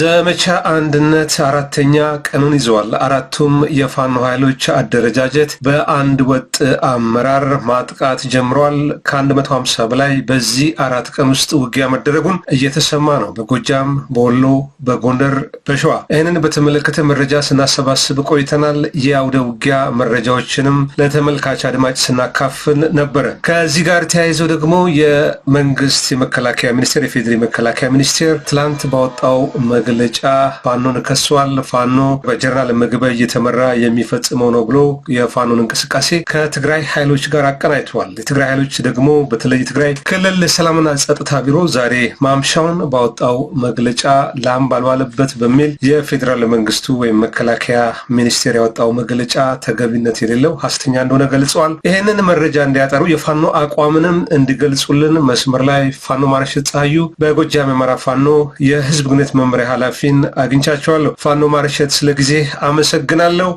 ዘመቻ አንድነት አራተኛ ቀኑን ይዘዋል። አራቱም የፋኖ ኃይሎች አደረጃጀት በአንድ ወጥ አመራር ማጥቃት ጀምሯል። ከ150 በላይ በዚህ አራት ቀን ውስጥ ውጊያ መደረጉን እየተሰማ ነው። በጎጃም፣ በወሎ፣ በጎንደር፣ በሸዋ። ይህንን በተመለከተ መረጃ ስናሰባስብ ቆይተናል። የአውደ ውጊያ መረጃዎችንም ለተመልካች አድማጭ ስናካፍል ነበረ። ከዚህ ጋር ተያይዘው ደግሞ የመንግስት የመከላከያ ሚኒስቴር የፌዴራል መከላከያ ሚኒስቴር ትላንት ባወጣው መግ መግለጫ ፋኖን ከሷል፣ ፋኖ በጀነራል ምግበ እየተመራ የሚፈጽመው ነው ብሎ የፋኖን እንቅስቃሴ ከትግራይ ኃይሎች ጋር አቀናጅተዋል። የትግራይ ኃይሎች ደግሞ በተለይ ትግራይ ክልል ሰላምና ጸጥታ ቢሮ ዛሬ ማምሻውን ባወጣው መግለጫ ላም ባልዋለበት በሚል የፌዴራል መንግስቱ ወይም መከላከያ ሚኒስቴር ያወጣው መግለጫ ተገቢነት የሌለው ሐሰተኛ እንደሆነ ገልጸዋል። ይህንን መረጃ እንዲያጠሩ የፋኖ አቋምንም እንዲገልጹልን መስመር ላይ ፋኖ ማረሸት ፀሐዩ በጎጃም የመራ ፋኖ የህዝብ ግንኙነት መምሪያ ኃላፊን አግኝቻቸዋለሁ። ፋኖ ማርሸት ስለ ጊዜ አመሰግናለሁ።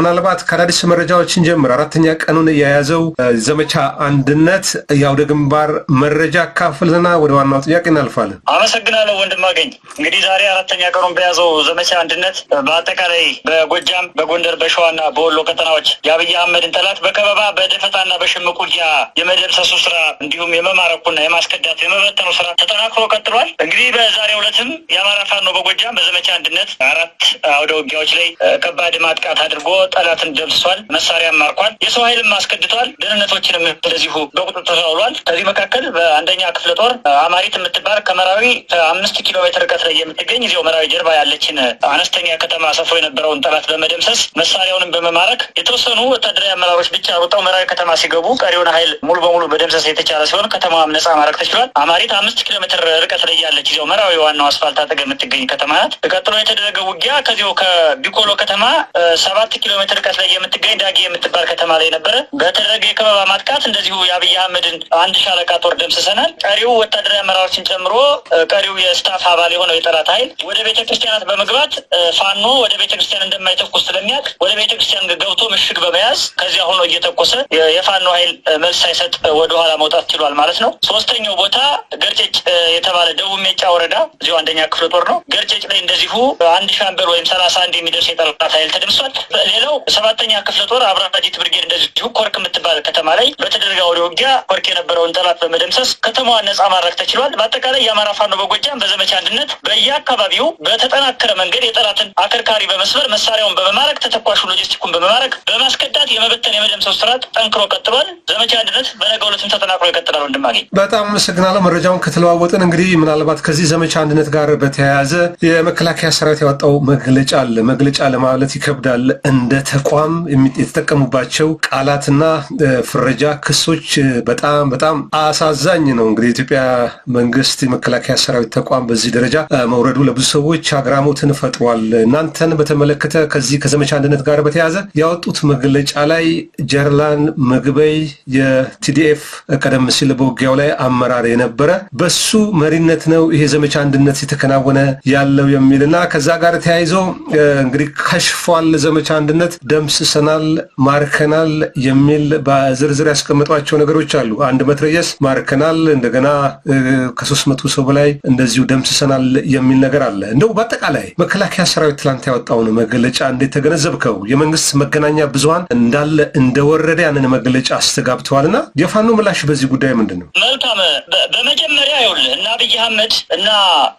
ምናልባት ከአዳዲስ መረጃዎችን ጀምር አራተኛ ቀኑን የያዘው ዘመቻ አንድነት የአውደ ግንባር መረጃ አካፍልና ወደ ዋናው ጥያቄ እናልፋለን። አመሰግናለሁ ወንድም አገኝ። እንግዲህ ዛሬ አራተኛ ቀኑን በያዘው ዘመቻ አንድነት በአጠቃላይ በጎጃም፣ በጎንደር፣ በሸዋና በወሎ ቀጠናዎች የአብይ አህመድን ጠላት በከበባ በደፈጣና በሽምቅ ውጊያ የመደምሰሱ ስራ እንዲሁም የመማረኩና የማስከዳቱ የመበተኑ ስራ ተጠናክሮ ቀጥሏል። እንግዲህ በዛሬው ዕለትም የአማራ ፋኖ ጎጃም በዘመቻ አንድነት አራት አውደ ውጊያዎች ላይ ከባድ ማጥቃት አድርጎ ጠላትን ደምስሷል። መሳሪያም ማርኳል። የሰው ኃይልም አስገድቷል። ደህንነቶችንም እንደዚሁ በቁጥጥር አውሏል። ከዚህ መካከል በአንደኛ ክፍለ ጦር አማሪት የምትባል ከመራዊ አምስት ኪሎ ሜትር ርቀት ላይ የምትገኝ እዚያው መራዊ ጀርባ ያለችን አነስተኛ ከተማ ሰፎ የነበረውን ጠላት በመደምሰስ መሳሪያውንም በመማረክ የተወሰኑ ወታደራዊ አመራሮች ብቻ ሩጠው መራዊ ከተማ ሲገቡ ቀሪውን ኃይል ሙሉ በሙሉ በደምሰስ የተቻለ ሲሆን ከተማዋም ነጻ ማድረግ ተችሏል። አማሪት አምስት ኪሎ ሜትር ርቀት ላይ ያለች እዚያው መራዊ ዋናው አስፋልት አጠገብ የምትገኝ ከተማ ናት። ቀጥሎ የተደረገ ውጊያ ከዚሁ ከቢቆሎ ከተማ ሰባት ኪሎ ሜትር ርቀት ላይ የምትገኝ ዳጊ የምትባል ከተማ ላይ ነበረ። በተደረገ የከበባ ማጥቃት እንደዚሁ የአብይ አህመድን አንድ ሻለቃ ጦር ደምስሰናል። ቀሪው ወታደራዊ አመራሮችን ጨምሮ ቀሪው የስታፍ አባል የሆነው የጠላት ኃይል ወደ ቤተክርስቲያናት በመግባት ፋኖ ወደ ቤተክርስቲያን እንደማይተኩስ ስለሚያውቅ ወደ ክርስቲያን ገብቶ ምሽግ በመያዝ ከዚያ ሆኖ እየተኮሰ የፋኖ ኃይል መልስ ሳይሰጥ ወደኋላ መውጣት ችሏል ማለት ነው። ሶስተኛው ቦታ ገርጨጭ የተባለ ደቡብ ሜጫ ወረዳ እዚሁ አንደኛ ክፍለ ጦር ነው። ገርጨጭ ላይ እንደዚሁ አንድ ሻምበል ወይም ሰላሳ አንድ የሚደርስ የጠላት ኃይል ተደምሷል። ሌላው ሰባተኛ ክፍለ ጦር አብራጅት ብርጌድ እንደዚሁ ኮርክ የምትባል ከተማ ላይ በተደረገ አውደ ውጊያ ኮርክ የነበረውን ጠላት በመደምሰስ ከተማዋን ነጻ ማድረግ ተችሏል። በአጠቃላይ የአማራ ፋኖ በጎጃም በዘመቻ አንድነት በየአካባቢው በተጠናከረ መንገድ የጠላትን አከርካሪ በመስበር መሳሪያውን በመማረክ ተተኳሹ ሎጂስቲኩን በመማረክ በማስከዳት የመበተን የመደምሰስ ስርዓት ጠንክሮ ቀጥሏል። ዘመቻ አንድነት በነገ ሁለትም ተጠናክሮ ይቀጥላል። ወንድማገኝ በጣም አመሰግናለሁ። መረጃውን ከተለዋወጥን እንግዲህ ምናልባት ከዚህ ዘመቻ አንድነት ጋር በተያያዘ የመከላከያ ሰራዊት ያወጣው መግለጫ አለ። መግለጫ ለማለት ይከብዳል። እንደ ተቋም የተጠቀሙባቸው ቃላትና ፍረጃ፣ ክሶች በጣም በጣም አሳዛኝ ነው። እንግዲህ የኢትዮጵያ መንግስት የመከላከያ ሰራዊት ተቋም በዚህ ደረጃ መውረዱ ለብዙ ሰዎች አግራሞትን ፈጥሯል። እናንተን በተመለከተ ከዚህ ከዘመቻ አንድነት ጋር በተያያዘ ያወጡት መግለጫ ላይ ጀርላን ምግበይ የቲዲኤፍ ቀደም ሲል በውጊያው ላይ አመራር የነበረ በሱ መሪነት ነው ይሄ ዘመቻ አንድነት የተከናወነ ያለው የሚልና ከዛ ጋር ተያይዞ እንግዲህ ከሽፏል፣ ዘመቻ አንድነት ደምስሰናል፣ ማርከናል የሚል በዝርዝር ያስቀመጧቸው ነገሮች አሉ። አንድ መትረየስ ማርከናል፣ እንደገና ከሶስት መቶ ሰው በላይ እንደዚሁ ደምስሰናል የሚል ነገር አለ። እንደው በአጠቃላይ መከላከያ ሰራዊት ትላንት ያወጣውን መግለጫ እንዴት ተገነዘብከው? የመንግስት መገናኛ ብዙሀን እንዳለ እንደወረደ ያንን መግለጫ አስተጋብተዋልና የፋኖ ምላሽ በዚህ ጉዳይ ምንድን ነው? መልካም በመጀመሪያ ይኸውልህ እና አብይ አህመድ እና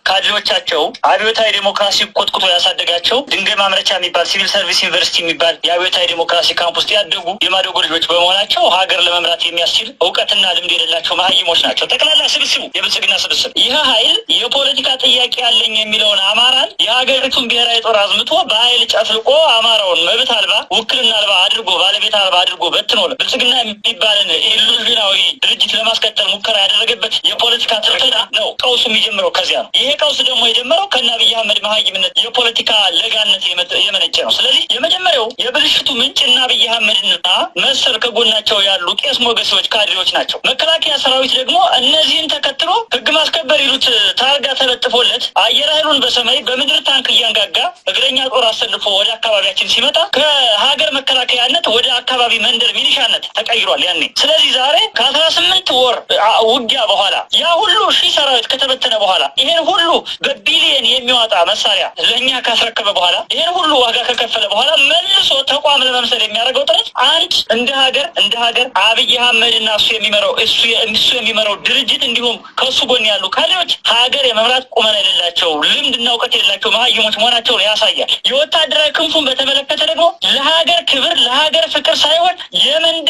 ካድሬዎቻቸው አብዮታዊ ዴሞክራሲ ቆጥቁጦ ያሳደጋቸው ድንጋይ ማምረቻ የሚባል ሲቪል ሰርቪስ ዩኒቨርሲቲ የሚባል የአብዮታዊ ዴሞክራሲ ካምፕ ውስጥ ያደጉ የማደጎ ልጆች በመሆናቸው ሀገር ለመምራት የሚያስችል እውቀትና ልምድ የሌላቸው መሀይሞች ናቸው። ጠቅላላ ስብስቡ የብልጽግና ስብስብ ይህ ኃይል የፖለቲካ ጥያቄ አለኝ የሚለውን አማራን የሀገሪቱን ብሔራዊ ጦር አዝምቶ በኃይል ጨፍልቆ አማራውን መብት አልባ ውክልና አልባ አድርጎ ባለቤት አልባ አድርጎ በትኖ ብልጽግና የሚባልን ኢሉዥናዊ ድርጅት ለማስቀጠል ሙከራ ያደረገበት የፖለቲካ ትርክና ነው። ቀውሱ የሚጀምረው ከዚያ ነው። ይሄ ቀውስ ደግሞ የጀመረው ከአብይ አህመድ መሀይምነት የፖለቲካ ለጋነት የመነጨ ነው። ስለዚህ የመጀመሪያው የብልሽቱ ምንጭ እና አብይ አህመድና መሰል ከጎናቸው ያሉ ቄስ ሞገሶች ካድሬዎች ናቸው። መከላከያ ሰራዊት ደግሞ እነዚህን ተከትሎ ህግ ማስከበር ይሉት ታርጋ ተለጥፎለት አየር ኃይሉን በሰማይ በምድር ታንክ እያንጋጋ እግረኛ ጦር አሰልፎ ወደ አካባቢያችን ሲመጣ ከሀገር መከላከያነት ወደ አካባቢ መንደር ሚሊሻነት ተቀይሯል። ያኔ ስለዚህ ዛሬ ከአስራ ስምንት ወር ውጊያ በኋላ ያ ሁሉ ሺህ ሰራዊት ከተበተነ በኋላ ይሄን ሁሉ በቢሊየን የሚያወጣ መሳሪያ ለእኛ ካስረከበ በኋላ ይህን ሁሉ ዋጋ ከከፈለ በኋላ መልሶ ተቋም ለመምሰል የሚያደርገው ጥረት አንድ እንደ ሀገር እንደ ሀገር አብይ አህመድና እሱ የሚመራው እሱ እሱ የሚመራው ድርጅት እንዲሁም ከእሱ ጎን ያሉ ካድሬዎች ሀገር የመምራት ቁመና የሌላቸው ልምድና እውቀት የሌላቸው መሀይሞች መሆናቸውን ያሳያል። የወታደራዊ ክንፉን በተመለከተ ደግሞ ለሀገር ክብር ለሀገር ፍቅር ሳይሆን የመንደ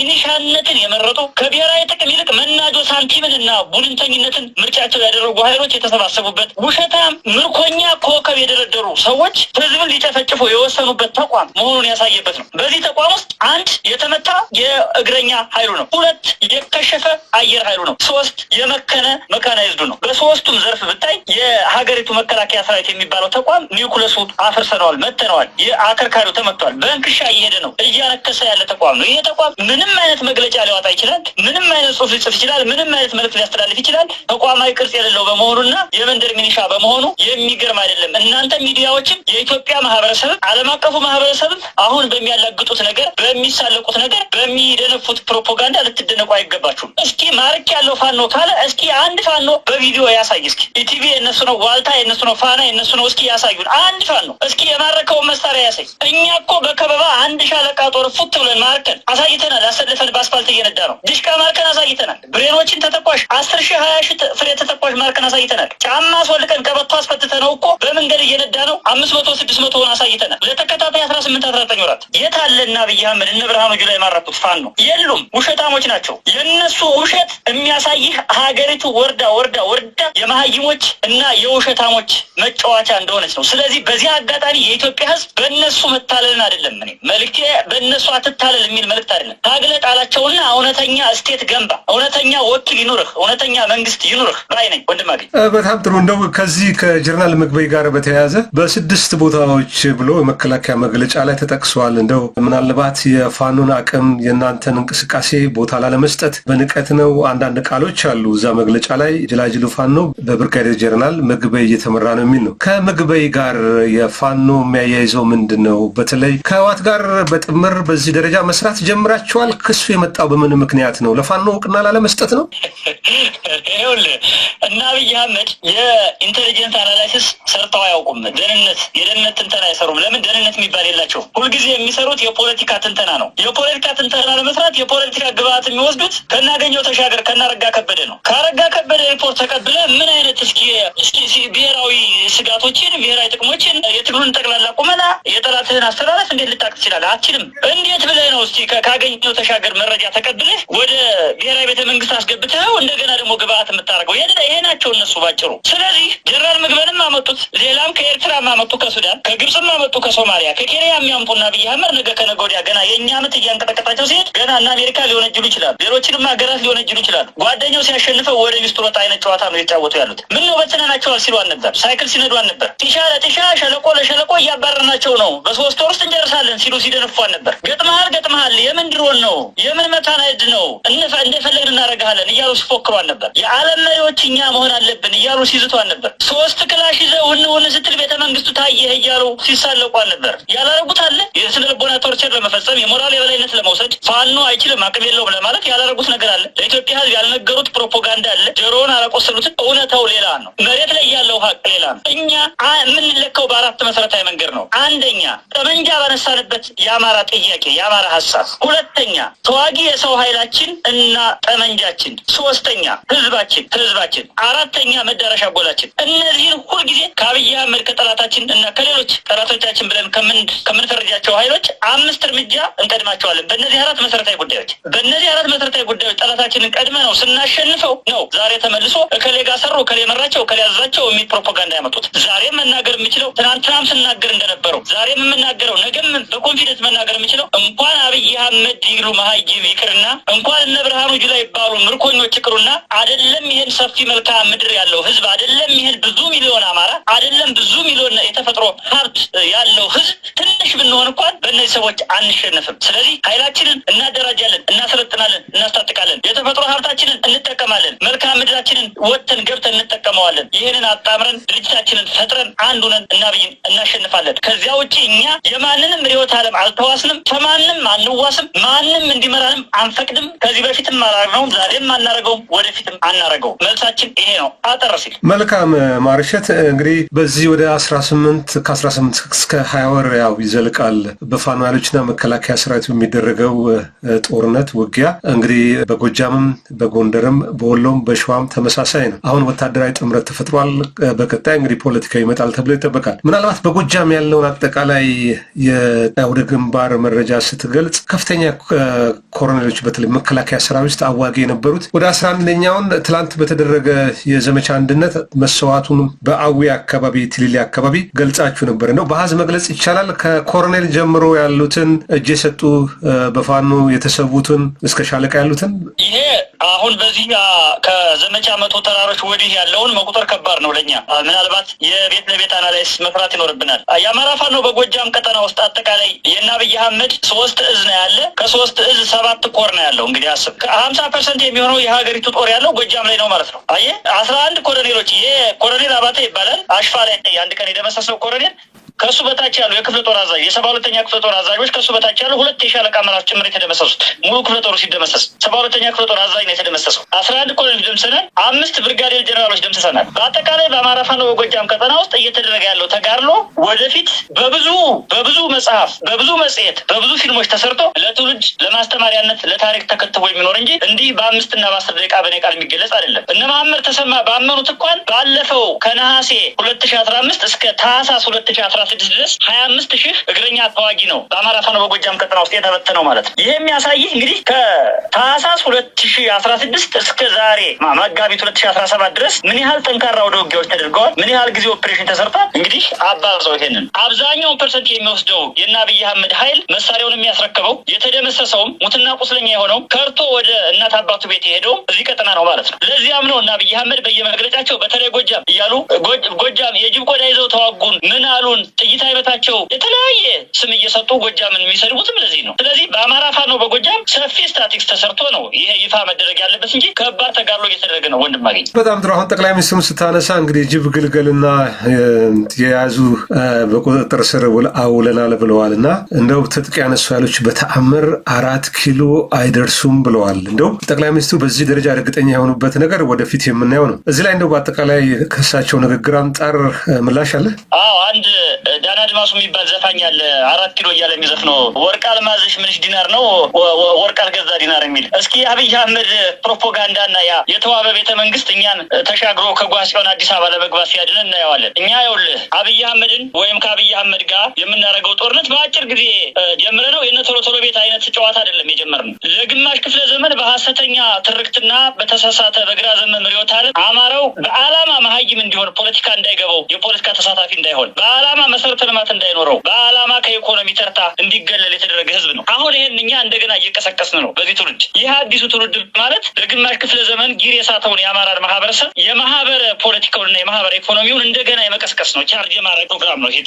ሚኒሻነትን የመረጡ ከብሔራዊ ጥቅም ይልቅ መናጆ ሳንቲምን እና ቡድንተኝነትን ምርጫቸው ያደረጉ ኃይሎች የተሰባሰቡበት ውሸታም ምርኮኛ ኮከብ የደረደሩ ሰዎች ህዝብን ሊጨፈጭፉ የወሰኑበት ተቋም መሆኑን ያሳየበት ነው። በዚህ ተቋም ውስጥ አንድ የተመታ የእግረኛ ኃይሉ ነው። ሁለት የከሸፈ አየር ኃይሉ ነው። ሶስት የመከነ መካናይዝዱ ነው። በሶስቱም ዘርፍ ብታይ የሀገሪቱ መከላከያ ሰራዊት የሚባለው ተቋም ኒውክለሱ አፍርሰነዋል፣ መተነዋል። የአከርካሪው ተመቷል። በእንክሻ እየሄደ ነው። እያነከሰ ያለ ተቋም ነው። ይሄ ተቋም ምንም ምንም አይነት መግለጫ ሊያወጣ ይችላል። ምንም አይነት ጽሁፍ ሊጽፍ ይችላል። ምንም አይነት መልክት ሊያስተላልፍ ይችላል። ተቋማዊ ቅርጽ የሌለው በመሆኑና የመንደር ሚኒሻ በመሆኑ የሚገርም አይደለም። እናንተ ሚዲያዎችን የኢትዮጵያ ማህበረሰብም ዓለም አቀፉ ማህበረሰብም አሁን በሚያላግጡት ነገር፣ በሚሳለቁት ነገር፣ በሚደነፉት ፕሮፓጋንዳ ልትደነቁ አይገባችሁም። እስኪ ማርክ ያለው ፋኖ ካለ እስኪ አንድ ፋኖ በቪዲዮ ያሳይ። እስኪ ኢቲቪ የነሱ ነው፣ ዋልታ የነሱ ነው፣ ፋና የነሱ ነው። እስኪ ያሳዩን አንድ ፋኖ እስኪ የማረከውን መሳሪያ ያሳይ። እኛ እኮ በከበባ አንድ ሻለቃ ጦር ፉት ብለን ማርከን አሳይተናል። አሰልፈን በአስፋልት እየነዳ ነው። ድሽቃ ማርከን አሳይተናል። ብሬኖችን ተተኳሽ አስር ሺህ ሀያ ሺህ ፍሬ ተተኳሽ ማርከን አሳይተናል። ጫማ አስወልቀን ቀበቶ አስፈትተ ነው እኮ በመንገድ እየነዳ ነው። አምስት መቶ ስድስት ሆን አሳይተናል። ለተከታታይ አስራ ስምንት አስራ ዘጠኝ ወራት የት አለ እና አብይ አህመድ እነ ብርሃኑ ጁላ የማረኩት ነው የሉም። ውሸታሞች ናቸው። የእነሱ ውሸት የሚያሳይህ ሀገሪቱ ወርዳ ወርዳ ወርዳ የመሀይሞች እና የውሸታሞች መጫወቻ እንደሆነች ነው። ስለዚህ በዚህ አጋጣሚ የኢትዮጵያ ህዝብ በእነሱ መታለልን አይደለም እኔ መልክቴ በእነሱ አትታለል የሚል መልክት አይደለም። ግለጥ እውነተኛ እስቴት ገንባ፣ እውነተኛ ወኪል ይኑርህ፣ እውነተኛ መንግስት ይኑርህ ባይ ነኝ። ወንድም በጣም ጥሩ። እንደው ከዚህ ከጀነራል ምግበይ ጋር በተያያዘ በስድስት ቦታዎች ብሎ የመከላከያ መግለጫ ላይ ተጠቅሰዋል። እንደው ምናልባት የፋኖን አቅም የእናንተን እንቅስቃሴ ቦታ ላለመስጠት በንቀት ነው። አንዳንድ ቃሎች አሉ እዛ መግለጫ ላይ ጅላጅሉ ፋኖ በብርጋዴር ጀነራል ምግበይ እየተመራ ነው የሚል ነው። ከምግበይ ጋር የፋኖ የሚያያይዘው ምንድን ነው? በተለይ ከህዋት ጋር በጥምር በዚህ ደረጃ መስራት ጀምራችኋል። ክሱ የመጣው በምን ምክንያት ነው? ለፋኖ እውቅና ላለመስጠት ነው? ይኸውልህ እና አብይ አህመድ የኢንቴሊጀንስ አናላይሲስ ሰርተው አያውቁም። ደህንነት የደህንነት ትንተና አይሰሩም። ለምን ደህንነት የሚባል የላቸው። ሁልጊዜ የሚሰሩት የፖለቲካ ትንተና ነው። የፖለቲካ ትንተና ለመስራት የፖለቲካ ግብአት የሚወስዱት ከናገኘው ተሻገር ከናረጋ ከበደ ነው። ካረጋ ከበደ ሪፖርት ተቀብለ ምን አይነት እስኪ ብሔራዊ ስጋቶችን ብሔራዊ ጥቅሞችን የትግሉን ጠቅላላ ቁመና የጠላትህን አስተላለፍ እንዴት ልታቅ ትችላለህ? አችልም እንዴት ብለህ ነው እስኪ ካገኘው ተሻገር መረጃ ተቀብለህ ወደ ብሔራዊ ቤተ መንግስት አስገብተው እንደገና ደግሞ ግብአት የምታደርገው ይሄ ናቸው እነሱ ባጭሩ። ስለዚህ ጀነራል ምግበንም አመጡት፣ ሌላም ከኤርትራ አመጡ፣ ከሱዳን ከግብፅም አመጡ፣ ከሶማሊያ ከኬንያ የሚያምጡና አብይ አህመድ ነገ ከነገ ወዲያ ገና የእኛ ምት እያንቀጠቀጣቸው ሲሄድ ገና እና አሜሪካ ሊወነጅሉ ይችላል፣ ሌሎችንም ሀገራት ሊወነጅሉ ይችላሉ። ጓደኛው ሲያሸንፈው ወደ ወጣ አይነት ጨዋታ ነው የተጫወቱ ያሉት። ምን ነው በትነናቸዋል ሲሉ አልነበር፣ ሳይክል ሲነዱ አልነበር፣ ጢሻ ለጢሻ ሸለቆ ለሸለቆ እያባረርናቸው ነው፣ በሶስት ወር ውስጥ እንጨርሳለን ሲሉ ሲደነፏን ነበር። ገጥመሃል ገጥመሃል የምን ድሮን ነው ነው? የምን መታናድ ነው? እንደፈለግን እናደርግሃለን እያሉ ሲፎክሯል ነበር። የዓለም መሪዎች እኛ መሆን አለብን እያሉ ሲዝቷል ነበር። ሶስት ክላሽ ይዘው ውን ውን ስትል ቤተ መንግስቱ ታየህ እያሉ ሲሳለቋል ነበር። ያላረጉት አለ። የስነ ልቦና ቶርቸር ለመፈጸም የሞራል የበላይነት ለመውሰድ ፋኖ አይችልም አቅም የለውም ለማለት ያላረጉት ነገር አለ። ለኢትዮጵያ ህዝብ ያልነገሩት ፕሮፓጋንዳ አለ። ጆሮውን አላቆሰሉትን? እውነታው ሌላ ነው። መሬት ላይ ያለው ሀቅ ሌላ ነው። እኛ የምንለካው በአራት መሰረታዊ መንገድ ነው። አንደኛ ጠመንጃ ባነሳንበት የአማራ ጥያቄ የአማራ ሀሳብ፣ ሁለተኛ ተዋጊ የሰው ኃይላችን እና ጠመንጃችን፣ ሶስተኛ ህዝባችን ህዝባችን፣ አራተኛ መዳረሻ ጎላችን። እነዚህን ሁልጊዜ ከአብይ አህመድ ከጠላታችን እና ከሌሎች ጠላቶቻችን ብለን ከምንፈርጃቸው ኃይሎች አምስት እርምጃ እንቀድማቸዋለን። በእነዚህ አራት መሰረታዊ ጉዳዮች በእነዚህ አራት መሰረታዊ ጉዳዮች ጠላታችንን ቀድመ ነው ስናሸንፈው ነው ዛሬ ተመልሶ እከሌ ጋር ሰሩ እከሌ መራቸው እከሌ ያዛቸው የሚል ፕሮፓጋንዳ ያመጡት። ዛሬ መናገር የምችለው ትናንትናም ስናገር እንደነበረው ዛሬም የምናገረው ነገም በኮንፊደንስ መናገር የምችለው እንኳን አብይ አህመድ ይሉ መሀይም ይቅርና እንኳን እነ ብርሃኑ ጁላ ይባሉ ምርኮኞች ይቅሩና አይደለም ይሄን ሰፊ መልክዓ ምድር ያለው ህዝብ አይደለም ይሄን ብዙ ሚሊዮን አማራ አይደለም ብዙ ሚሊዮን የተፈጥሮ ሀብት ያለው ህዝብ ትንሽ ብንሆን እንኳን በእነዚህ ሰዎች አንሸነፍም። ስለዚህ ኃይላችንን እናደራጃለን፣ እናሰለጥናለን፣ እናስታጥቃለን፣ የተፈጥሮ ሀብታችንን እንጠቀማለን፣ መልክዓ ምድራችንን ወጥተን ገብተን እንጠቀመዋለን። ይህንን አጣምረን ድርጅታችንን ፈጥረን አንዱ ነን እናብይን እናሸንፋለን። ከዚያ ውጭ እኛ የማንንም ርዕዮተ ዓለም አልተዋስንም፣ ከማንም አንዋስም ማንም ማንም እንዲመራንም አንፈቅድም። ከዚህ በፊትም አላረግነውም፣ ዛሬም አናረገውም፣ ወደፊትም አናረገውም። መልሳችን ይሄ ነው። አጠር ሲል መልካም ማርሸት እንግዲህ በዚህ ወደ አስራ ስምንት ከአስራ ስምንት እስከ ሀያ ወር ያው ይዘልቃል በፋኖ ኃይሎችና መከላከያ ሰራዊቱ የሚደረገው ጦርነት ውጊያ እንግዲህ በጎጃምም በጎንደርም በወሎም በሸዋም ተመሳሳይ ነው። አሁን ወታደራዊ ጥምረት ተፈጥሯል። በቀጣይ እንግዲህ ፖለቲካዊ ይመጣል ተብሎ ይጠበቃል። ምናልባት በጎጃም ያለውን አጠቃላይ የአውደ ግንባር መረጃ ስትገልጽ ከፍተኛ ኮሎኔሎች በተለይ መከላከያ ሰራዊት ውስጥ አዋጊ የነበሩት ወደ አስራ አንደኛውን ትላንት በተደረገ የዘመቻ አንድነት መሰዋቱን በአዊ አካባቢ ትሊሊ አካባቢ ገልጻችሁ ነበር። ነው በሀዝ መግለጽ ይቻላል ከኮሎኔል ጀምሮ ያሉትን እጅ የሰጡ በፋኑ የተሰዉትን እስከ ሻለቃ ያሉትን ይሄ አሁን በዚህ ከዘመቻ መቶ ተራሮች ወዲህ ያለውን መቁጠር ከባድ ነው ለኛ። ምናልባት የቤት ለቤት አናላይስ መስራት ይኖርብናል። የአማራ ፋኖ በጎጃም ቀጠና ውስጥ አጠቃላይ የእነ አብይ አህመድ ሶስት እዝ ነው ያለ ከሶስት እዝ ሰባት ኮር ነው ያለው። እንግዲህ አስብ ከሀምሳ ፐርሰንት የሚሆነው የሀገሪቱ ጦር ያለው ጎጃም ላይ ነው ማለት ነው። አየህ አስራ አንድ ኮሎኔሎች ይሄ ኮሎኔል አባተ ይባላል አሽፋ ላይ አንድ ቀን የደመሰሰው ኮሎኔል ከእሱ በታች ያሉ የክፍለ ጦር አዛዥ የሰባ ሁለተኛ ክፍለ ጦር አዛዦች ከእሱ በታች ያሉ ሁለት የሻለቃ አመራሮች ጭምር የተደመሰሱት ሙሉ ክፍለ ጦሩ ሲደመሰስ ሰባ ሁለተኛ ክፍለ ጦር አዛዥ ነው የተደመሰሰው። አስራ አንድ ኮሎኔል ደምሰናል። አምስት ብርጋዴር ጀኔራሎች ደምሰሰናል። በአጠቃላይ በአማራ ፋኖ በጎጃም ቀጠና ውስጥ እየተደረገ ያለው ተጋድሎ ወደፊት በብዙ በብዙ መጽሐፍ፣ በብዙ መጽሔት፣ በብዙ ፊልሞች ተሰርቶ ለትውልድ ለማስተማሪያነት ለታሪክ ተከትቦ የሚኖር እንጂ እንዲህ በአምስትና በአስር ደቂቃ በኔ ቃል የሚገለጽ አይደለም። እነ መሀመድ ተሰማ ባመኑት እንኳን ባለፈው ከነሐሴ ሁለት ሺ አስራ አምስት እስከ ታህሳስ ሁለት ሺ አስራ ስድስት ድረስ ሀያ አምስት ሺህ እግረኛ ተዋጊ ነው በአማራ ፋኖ በጎጃም ቀጠና ውስጥ የተበተነው ማለት ነው። ይህ የሚያሳይህ እንግዲህ ከታህሳስ ሁለት ሺህ አስራ ስድስት እስከ ዛሬ መጋቢት ሁለት ሺህ አስራ ሰባት ድረስ ምን ያህል ጠንካራ ወደ ውጊያዎች ተደርገዋል፣ ምን ያህል ጊዜ ኦፕሬሽን ተሰርቷል። እንግዲህ አባብዘው ይሄንን አብዛኛውን ፐርሰንት የሚወስደው የእነ አብይ አህመድ ኃይል መሳሪያውን የሚያስረክበው የተደመሰሰውም ሙትና ቁስለኛ የሆነው ከርቶ ወደ እናት አባቱ ቤት የሄደውም እዚህ ቀጠና ነው ማለት ነው። ለዚያም ነው እና አብይ አህመድ በየመግለጫቸው በተለይ ጎጃም እያሉ ጎጃም የጅብ ቆዳ ይዘው ተዋጉን ምን አሉን ጥይት አይበታቸው የተለያየ ስም እየሰጡ ጎጃምን የሚሰድቡትም ለዚህ ነው። ስለዚህ በአማራ ፋኖ በጎጃም ሰፊ ስታቲክስ ተሰርቶ ነው ይሄ ይፋ መደረግ ያለበት እንጂ ከባድ ተጋድሎ እየተደረገ ነው። ወንድም በጣም ጥሩ። አሁን ጠቅላይ ሚኒስትሩን ስታነሳ እንግዲህ ጅብ ግልገልና የያዙ በቁጥጥር ስር አውለናል ብለዋል እና እንደው ትጥቅ ያነሱ ኃይሎች በተአምር አራት ኪሎ አይደርሱም ብለዋል። እንደው ጠቅላይ ሚኒስትሩ በዚህ ደረጃ እርግጠኛ የሆኑበት ነገር ወደፊት የምናየው ነው። እዚህ ላይ እንደው በአጠቃላይ ከእሳቸው ንግግር አንጻር ምላሽ አለ? አዎ አንድ ዳን አድማሱ የሚባል ዘፋኝ አለ። አራት ኪሎ እያለ የሚዘፍ ነው። ወርቅ አልማዝሽ ምንሽ ዲናር ነው ወርቅ አልገዛ ዲናር የሚል እስኪ አብይ አህመድ እና ያ የተዋበ ቤተ መንግስት እኛን ተሻግሮ ከጓ ሲሆን አዲስ አበባ ለመግባት ሲያድነን እናየዋለን። እኛ ይኸውልህ አብይ አህመድን ወይም ከአብይ አህመድ ጋር የምናደርገው ጦርነት በአጭር ጊዜ ጀምረ ነው የነ ቶሎ ቶሎ ቤት አይነት ጨዋታ አይደለም የጀመርነው። ለግማሽ ክፍለ ዘመን በሀሰተኛ ትርክትና በተሳሳተ በግራ ዘመን ሪዮት አለም አማራው በዓላማ መሀይም እንዲሆን ፖለቲካ እንዳይገባው የፖለቲካ ተሳታፊ እንዳይሆን በአላማ መሰረተ ልማት እንዳይኖረው በዓላማ ከኢኮኖሚ ተርታ እንዲገለል የተደረገ ህዝብ ነው። አሁን ይህን እኛ እንደገና እየቀሰቀስን ነው። በዚህ ትውልድ ይህ አዲሱ ትውልድ ማለት በግማሽ ክፍለ ዘመን ጊር የሳተውን የአማራን ማህበረሰብ የማህበረ ፖለቲካውንና የማህበረ ኢኮኖሚውን እንደገና የመቀስቀስ ነው። ቻርጅ የማድረግ ፕሮግራም ነው። ይሄ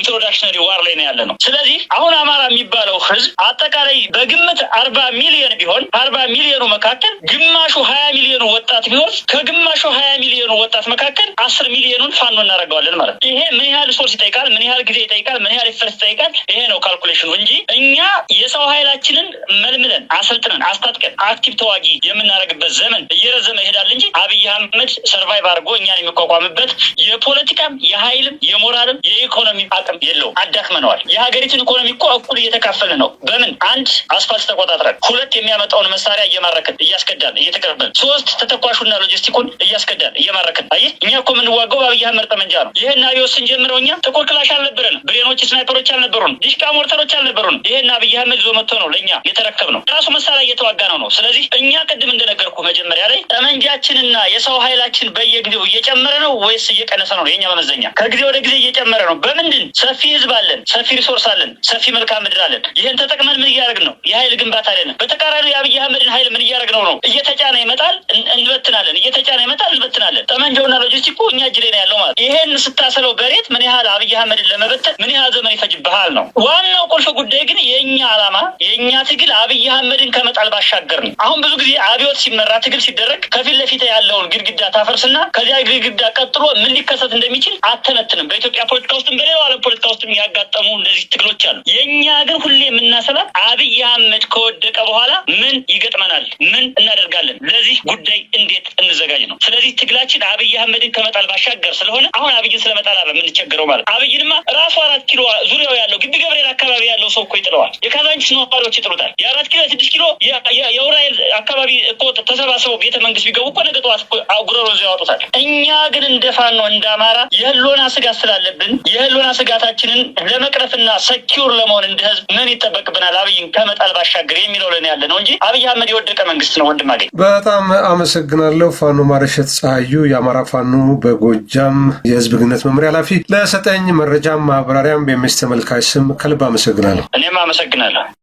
ኢንትሮዳክሽነሪ ዋር ላይ ነው ያለ ነው። ስለዚህ አሁን አማራ የሚባለው ህዝብ አጠቃላይ በግምት አርባ ሚሊዮን ቢሆን አርባ ሚሊዮኑ መካከል ግማሹ ሀያ ሚሊዮኑ ወጣት ቢሆን ከግማሹ ሀያ ሚሊዮኑ ወጣት መካከል አስር ሚሊዮኑን ፋኖ እናደርገዋለን ማለት ይሄ ምን ያህል ሶርስ ይጠይቃል? ይጠይቃል፣ ምን ያህል ጊዜ ይጠይቃል፣ ምን ያህል ፈርስ ይጠይቃል። ይሄ ነው ካልኩሌሽኑ እንጂ እኛ የሰው ኃይላችንን መልምለን አሰልጥነን አስታጥቀን አክቲቭ ተዋጊ የምናደርግበት ዘመን እየረዘመ ይሄዳል እንጂ አብይ አህመድ ሰርቫይቭ አድርጎ እኛን የሚቋቋምበት የፖለቲካም የሀይልም የሞራልም የኢኮኖሚ አቅም የለውም። አዳክመነዋል። የሀገሪቱን ኢኮኖሚ እኮ እኩል እየተካፈለ ነው። በምን አንድ አስፋልት ተቆጣጥረን፣ ሁለት የሚያመጣውን መሳሪያ እየማረክን እያስከዳን እየተቀበል፣ ሶስት ተተኳሹና ሎጂስቲኩን እያስከዳን እየማረክን። አየህ እኛ እኮ የምንዋገው አብይ አህመድ ጠመንጃ ነው። ይህን አብዮት ስንጀምረው እኛ ጥቁር ክላሽ አልነበረን፣ ብሬኖች፣ ስናይፐሮች አልነበሩን፣ ዲሽቃ ሞርተሮች አልነበሩን። ይሄን አብይ አህመድ ይዞ መጥቶ ነው ለእኛ የተረከብ ነው። ራሱ መሳሪያ እየተዋጋ ነው ነው። ስለዚህ እኛ ቅድም እንደነገርኩ መጀመሪያ ላይ ጠመንጃችንና የሰው ኃይላችን በየጊዜው እየጨመረ ነው ወይስ እየቀነሰ ነው? የኛ መመዘኛ ከጊዜ ወደ ጊዜ እየጨመረ ነው። በምንድን ሰፊ ህዝብ አለን፣ ሰፊ ሪሶርስ አለን፣ ሰፊ መልካም ምድር አለን። ይህን ተጠቅመን ምን እያደረግን ነው? የሀይል ግንባታ ላይ ነን። በተቃራኒ የአብይ አህመድን ሀይል ምን እያደረግ ነው? እየተጫነ ይመጣል፣ እንበትናለን። እየተጫነ ይመጣል፣ እንበትናለን። ጠመንጃውና ሎጂስቲኩ እኛ እጅ ላይ ነው ያለው ማለት። ይሄን ስታሰለው በሬት ምን ያህል አብይ አህመድን ለመበተን ምን ያህል ዘመን ይፈጅብሃል ነው ዋናው ቁልፍ ጉዳይ። ግን የእኛ ዓላማ የእኛ ትግል አብይ አህመድን ከመጣል ባሻገር ነው። አሁን ብዙ ጊዜ አብዮት ሲመራ ትግል ሲደረግ ከፊት ለፊት ያለውን ግድግዳ ታፈርስና ከዚያ ግድግዳ ቀጥሎ ምን ሊከሰት እንደሚችል አተነትንም። በኢትዮጵያ ፖለቲካ ውስጥም በሌላው ዓለም ፖለቲካ ውስጥም ያጋጠሙ እንደዚህ ትግሎች አሉ። የእኛ ግን ሁሌ የምናሰባት አብይ አህመድ ከወደቀ በኋላ ምን ይገጥመናል፣ ምን እናደርጋለን፣ ለዚህ ጉዳይ እንዴት እንዘጋጅ ነው። ስለዚህ ትግላችን አብይ አህመድን ከመጣል ባሻገር ስለሆነ አሁን አብይን ስለመጣል የምንቸገረው ማለት አብይ ቢልማ ራሱ አራት ኪሎ ዙሪያው ያለው ግቢ ገብርኤል አካባቢ ያለው ሰው እኮ ይጥለዋል። የካዛንቺስ ነዋሪዎች ይጥሉታል። የአራት ኪሎ ስድስት ኪሎ የውራኤል አካባቢ እኮ ተሰባሰቡ ቤተ መንግስት ቢገቡ እኮ ነገ ጠዋት አጉረሮ እዚያ ያወጡታል። እኛ ግን እንደ ፋኖ እንደ አማራ የህልውና ስጋት ስላለብን የህልውና ስጋታችንን ለመቅረፍና ሰኪውር ለመሆን እንደ ህዝብ ምን ይጠበቅብናል አብይን ከመጣል ባሻገር የሚለው ለን ያለ ነው እንጂ አብይ አህመድ የወደቀ መንግስት ነው። ወንድም አገኝ በጣም አመሰግናለሁ። ፋኖ ማረሸት ፀሐዩ የአማራ ፋኖ በጎጃም የህዝብ ግንኙነት መምሪያ ኃላፊ ለሰጠኝ መረጃም ማብራሪያም በሚስተመልካች ስም ከልብ አመሰግናለሁ። እኔም አመሰግናለሁ።